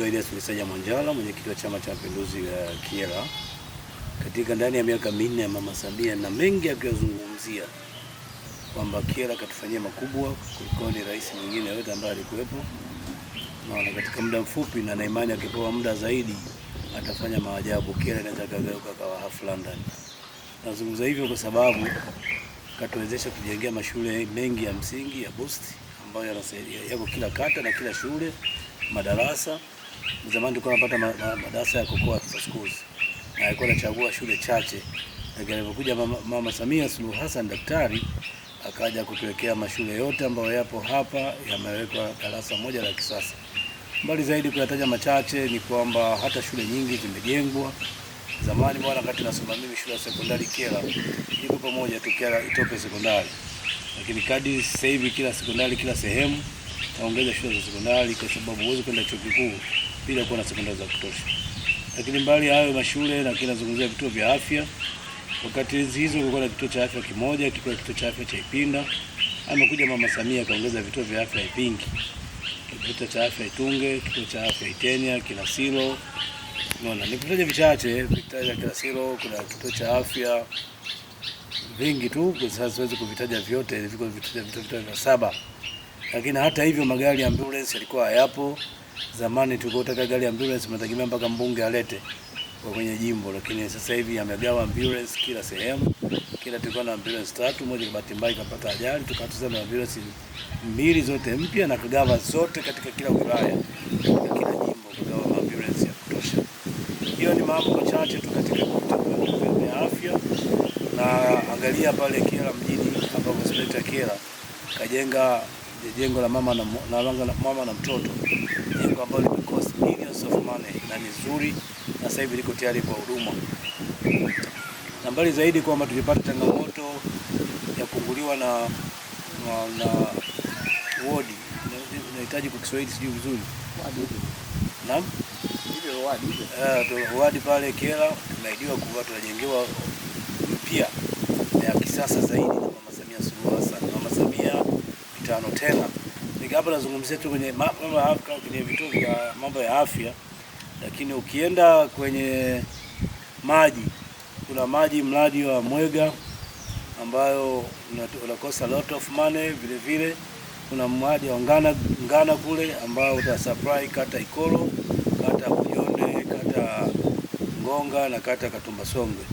Naitwa Elias Misaja Mwanjala, mwenyekiti wa Chama cha Mapinduzi uh, Kyela. Katika ndani ya miaka minne ya Mama Samia na mengi akiyazungumzia kwamba Kyela katufanyia makubwa kuliko ni rais mwingine yote ambaye alikuwepo, na katika muda mfupi, na naimani imani akipewa muda zaidi atafanya maajabu. Kyela inaweza kageuka kawa half London. Nazungumza hivyo kwa sababu katuwezesha kujengea mashule mengi ya msingi ya boost ambayo yako kila kata na kila shule madarasa Zamani tulikuwa tunapata madarasa ya kokoa kukoa schools, na alikuwa anachagua shule chache, lakini alipokuja mama, mama Samia Suluhu Hassan daktari akaja kutuwekea mashule yote ambayo yapo hapa yamewekwa darasa moja la kisasa. Mbali zaidi kuyataja machache ni kwamba hata shule nyingi zimejengwa. Zamani bwana, wakati nasoma mimi shule ya sekondari Kela iko pamoja tu Kela Itope sekondari, lakini kadi sasa hivi kila sekondari kila sehemu naongeza shule za sekondari, kwa sababu huwezi kwenda chuo kikuu bila kuwa na sekondari za kutosha. Lakini mbali ya hayo mashule, lakini nazungumzia vituo vya afya. Wakati hizo kulikuwa na kituo cha afya kimoja, kilikuwa kituo cha afya cha Ipinda. Amekuja Mama Samia kaongeza vituo vya afya Ipingi, kituo cha afya Itunge, kituo cha afya Itenia, Kilasilo. Unaona, nikutaja vichache, nikitaja Kilasilo, kuna kituo cha afya vingi tu, kwa sasa siwezi kuvitaja vyote, viko vituo vya saba. Lakini hata hivyo magari ya ambulance yalikuwa hayapo. Zamani tulikuwa tunataka gari ya ambulance, tunategemea mpaka mbunge alete kwa kwenye jimbo, lakini sasa hivi amegawa ambulance kila sehemu. Kila tulikuwa na ambulance tatu, moja kwa bahati mbaya ikapata ajali, tukatuza na ambulance mbili zote mpya na kugawa zote katika kila wilaya katika kila jimbo, kugawa ambulance ya kutosha. Hiyo ni mambo machache tu katika kutoa ya afya, na angalia pale Kyela mjini ambapo hospitali ya Kyela kajenga jengo la mama na, na, na, mama na mtoto, jengo ambalo cost millions of money na ni nzuri, na sasa hivi liko tayari kwa huduma. Na mbali zaidi kwamba tulipata changamoto ya kuunguliwa na, na, na wodi nahitaji kwa Kiswahili sijui vizuri naam, uh, wadi pale kiela tunaidiwa kuwa tunajengewa mpya ya kisasa zaidi na Mama Samia Suluhu Hassan mikutano tena, hapa nazungumzia tu kwenye kwenye vituo vya mambo ya afya, lakini ukienda kwenye maji, kuna maji mradi wa Mwega ambayo unakosa lot of money, vile vile kuna mradi wa Ngana, Ngana kule ambao supply kata Ikoro, kata Kujonde, kata Ngonga na kata Katumbasongwe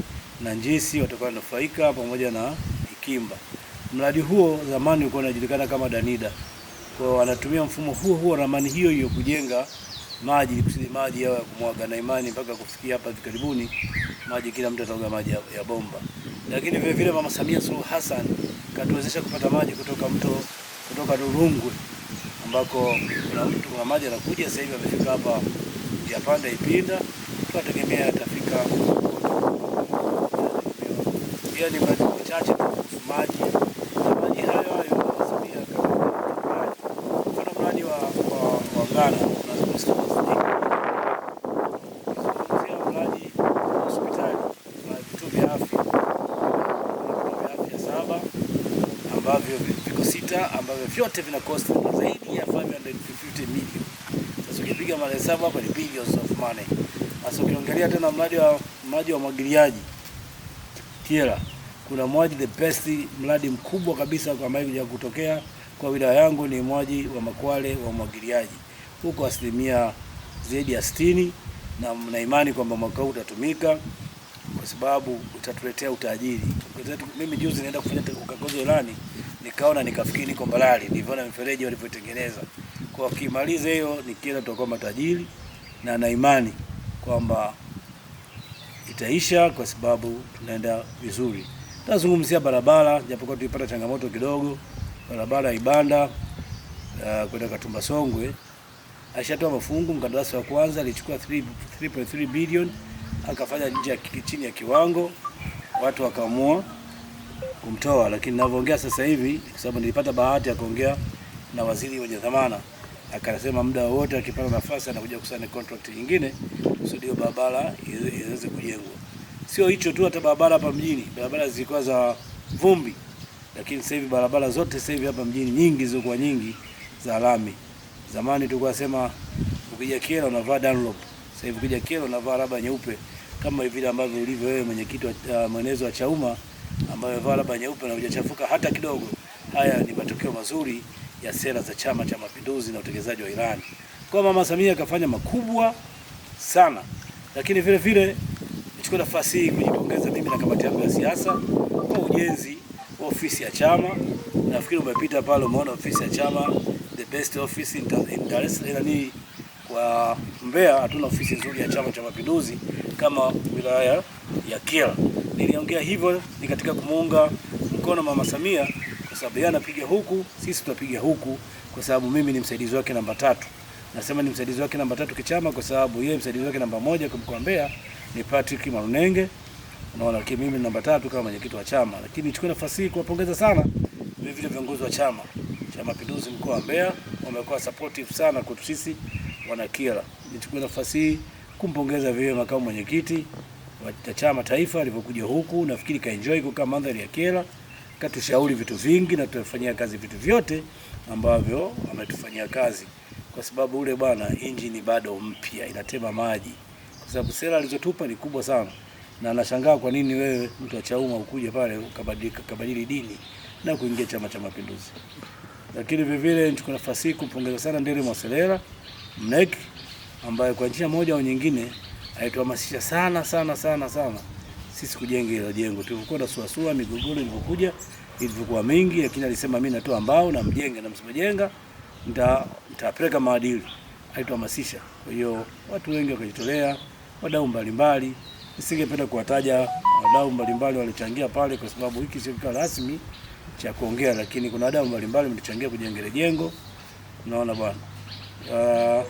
na Njisi watakuwa wanafaika pamoja na Ikimba. Mradi huo zamani ulikuwa unajulikana kama Danida. Kwa hiyo wanatumia mfumo huo huo ramani hiyo hiyo kujenga maji kusudi maji yao ya kumwaga, na imani mpaka kufikia hapa karibuni maji kila mtu atauga maji ya, ya bomba. Lakini vile vile Mama Samia Suluhu Hassan katuwezesha kupata maji kutoka mto kutoka Rurungwe ambako kuna mtu wa maji anakuja sasa hivi amefika hapa ya panda ipinda, tunategemea atafika pia ni maji machache maji hayo vya saba ambavyo viko sita ambavyo vyote vinakosta zaidi ya 550 million. Sasa ukipiga mara saba hapa ni billions of money. Sasa ukiangalia tena mradi wa mradi wa mwagiliaji Kiera kuna mwaji the best, mradi mkubwa kabisa ambaye kuja kutokea kwa wilaya yangu ni mwaji wa Makwale wa umwagiliaji huko asilimia zaidi ya 60, na mna imani kwamba mwaka huu utatumika kwa sababu utatuletea utajiri. Mimi juzi nienda kufanya ukaguzi ilani, nikaona nikafikiri niko Mbalali, niliona mifereji walivyotengeneza. Kwa kimaliza hiyo nikienda, tutakuwa matajiri na na imani kwamba itaisha kwa sababu tunaenda vizuri. Tazungumzia barabara japokuwa tulipata changamoto kidogo, barabara Ibanda uh, kwenda Katumba Songwe. Ashatoa mafungu, mkandarasi wa kwanza alichukua 3.3 bilioni akafanya nje chini ya kiwango, watu wakaamua kumtoa. Lakini ninavyoongea sasa hivi, kwa sababu nilipata bahati ya kuongea na waziri wenye dhamana, akasema muda wowote akipata nafasi anakuja kusaini contract nyingine kusudi barabara iweze kujengwa. Sio hicho tu, hata barabara hapa mjini, barabara zilikuwa za vumbi, lakini sasa hivi barabara zote sasa hivi hapa mjini nyingi zilikuwa nyingi za lami. Zamani tulikuwa sema ukija kiela unavaa Dunlop, sasa hivi ukija kiela unavaa raba nyeupe, kama vile ambavyo ulivyo wewe mwenyekiti wa uh, mwenezo wa Chauma ambaye vaa raba nyeupe na hujachafuka hata kidogo. Haya ni matokeo mazuri ya sera za Chama cha Mapinduzi na utekelezaji wa ilani. Kwa Mama Samia akafanya makubwa sana, lakini vile vile Nichukue nafasi hii kujipongeza mimi na kamati yangu ya siasa kwa ujenzi wa ofisi ya chama. Nafikiri umepita pale, umeona ofisi ya chama, the best office in Dar es Salaam. Ni kwa Mbeya hatuna ofisi nzuri ya Chama cha Mapinduzi kama wilaya ya Kyela. Niliongea hivyo ni katika kumuunga mkono Mama Samia kwa sababu yeye anapiga huku, sisi tutapiga huku, kwa sababu mimi ni msaidizi wake namba tatu. Nasema ni msaidizi wake namba tatu kichama, kwa sababu yeye msaidizi wake namba moja kwa mkoa Mbeya ni Patrick Marunenge, unaona, lakini mimi namba tatu kama mwenyekiti wa chama. Lakini nichukue nafasi hii kuwapongeza sana vile vile viongozi wa chama cha Mapinduzi mkoa wa Mbeya, wamekuwa supportive sana kwetu sisi wana Kyela. Nichukue nafasi hii kumpongeza vile makamu mwenyekiti wa chama taifa alivyokuja huku, nafikiri kaenjoy kukaa mandhari ya Kyela, katushauri vitu vingi na tutafanyia kazi vitu vyote ambavyo ametufanyia kazi, kwa sababu ule bwana injini bado mpya inatema maji kwa sababu sera alizotupa ni kubwa sana, na anashangaa kwa nini wewe mtu wa Chauma ukuja pale ukabadilika kabadili dini na kuingia Chama cha Mapinduzi. Lakini vile vile nichukua nafasi hii kumpongeza sana Nderi Mwaselera MNEC ambaye kwa njia moja au nyingine alituhamasisha sana sana sana sana sisi kujenga ile jengo. Tulikuwa na suasua migogoro ilivyokuja ilivyokuwa mingi, lakini alisema mimi natoa mbao na mjenge na msimjenga nitapeleka maadili. Alituhamasisha. Kwa hiyo watu wengi wakajitolea wadau mbalimbali. Nisingependa kuwataja wadau mbalimbali walichangia pale, kwa sababu hiki sio kikao rasmi cha kuongea, lakini kuna wadau mbalimbali mlichangia kujenga ile jengo. Unaona bwana, uh,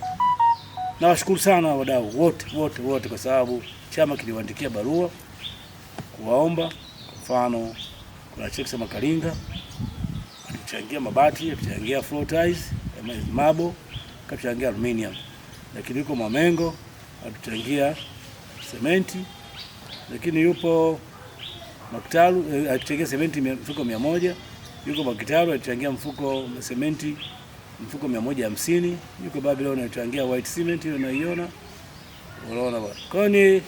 nawashukuru sana wadau wote wote wote, kwa sababu chama kiliwaandikia barua kuwaomba. Kwa mfano, kuna Cheksa Makalinga alichangia mabati, alichangia floor tiles, mabo, kachangia aluminium, lakini yuko Mwamengo atuchangia sementi, lakini yupo Maktaru eh, atuchangia sementi mfuko mia moja. Yuko Maktaru atuchangia mfuko sementi mfuko mia moja hamsini. Yuko Babylon atuchangia white cement, hiyo unaiona, unaona bwana. Kwa ni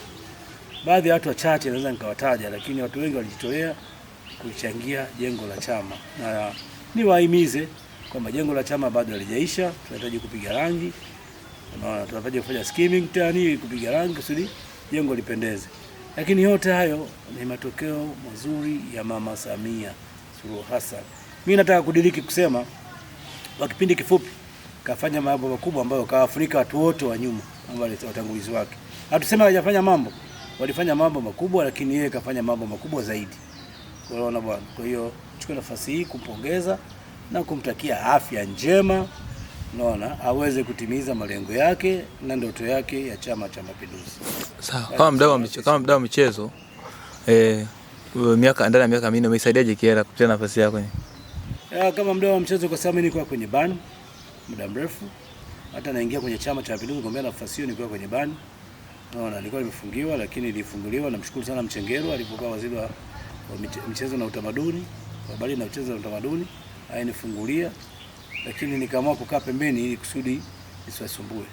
baadhi ya watu wachache naweza nikawataja, lakini watu wengi walijitolea kuchangia jengo la chama, na niwahimize kwamba jengo la chama bado halijaisha, tunahitaji kupiga rangi. Unaona, tunataka kufanya skimming tani kupiga rangi kusudi jengo lipendeze. Lakini yote hayo ni matokeo mazuri ya Mama Samia Suluhu Hassan. Mimi nataka kudiriki kusema kwa kipindi kifupi kafanya mambo makubwa ambayo kawafunika watu wote wa nyuma ambao watangulizi wake. Hatusema hajafanya mambo, walifanya mambo makubwa, lakini yeye kafanya mambo makubwa zaidi. Unaona bwana. Kwa hiyo chukua nafasi hii kumpongeza na kumtakia afya njema naona aweze kutimiza malengo yake na ndoto yake ya Chama cha Mapinduzi. Sawa, kama mdau kama mdau wa michezo eh, miaka ndani ya miaka minne umeisaidiaje Kyela kupitia nafasi yako? Ya, kama mdau wa mchezo kwa sababu mimi nilikuwa kwenye bani muda mrefu, hata naingia kwenye Chama cha Mapinduzi kwa nafasi hiyo, nilikuwa kwenye bani naona, nilikuwa nimefungiwa, lakini nilifunguliwa. Namshukuru sana Mchengero alipokuwa waziri wa mchezo na utamaduni, habari na mchezo na utamaduni, ainifungulia lakini nikaamua kukaa pembeni ili kusudi nisiwasumbue.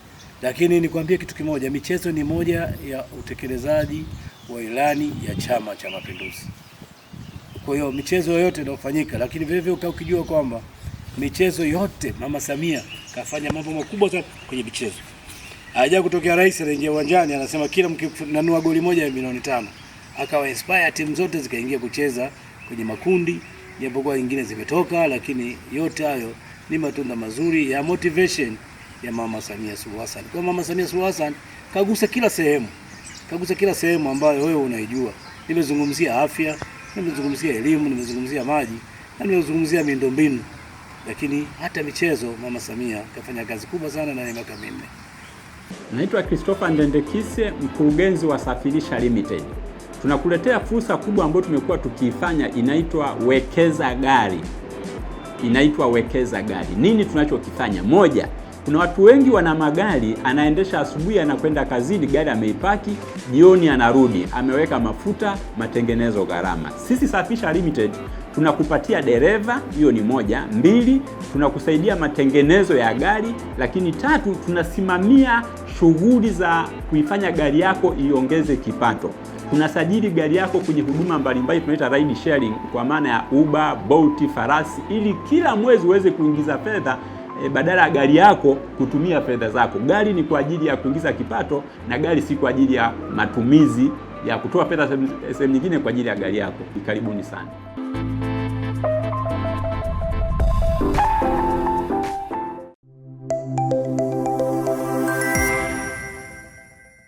Lakini nikwambie kitu kimoja, michezo ni moja ya utekelezaji wa ilani ya Chama cha Mapinduzi. Kwa hiyo michezo yote inayofanyika, lakini vile vile ukijua kwamba michezo yote Mama Samia kafanya mambo makubwa sana kwenye michezo. Haja kutokea rais anaingia uwanjani anasema kila mkinanua goli moja ya milioni tano, akawa inspire timu zote zikaingia kucheza kwenye makundi, japokuwa nyingine zimetoka, lakini yote hayo ni matunda mazuri ya motivation ya Mama Samia Suluhu Hassan. Kwa Mama Samia Suluhu Hassan kagusa kila sehemu, kagusa kila sehemu ambayo wewe unaijua. Nimezungumzia afya, nimezungumzia elimu, nimezungumzia maji na nimezungumzia miundombinu, lakini hata michezo. Mama Samia kafanya kazi kubwa sana na miaka minne. Naitwa Christopher Ndendekise, mkurugenzi wa Safirisha Limited. Tunakuletea fursa kubwa ambayo tumekuwa tukiifanya, inaitwa wekeza gari inaitwa wekeza gari. Nini tunachokifanya? Moja, kuna watu wengi wana magari, anaendesha asubuhi, anakwenda kazini, gari ameipaki, jioni anarudi, ameweka mafuta, matengenezo, gharama. Sisi Safisha Limited tunakupatia dereva, hiyo ni moja. Mbili, tunakusaidia matengenezo ya gari, lakini tatu, tunasimamia shughuli za kuifanya gari yako iongeze kipato unasajili gari yako kwenye huduma mbalimbali tunaita ride sharing, kwa maana ya Uber, Bolt, Farasi, ili kila mwezi uweze kuingiza fedha e, badala ya gari yako kutumia fedha zako. Gari ni kwa ajili ya kuingiza kipato na gari si kwa ajili ya matumizi ya kutoa fedha sehemu nyingine kwa ajili ya gari yako. Karibuni sana.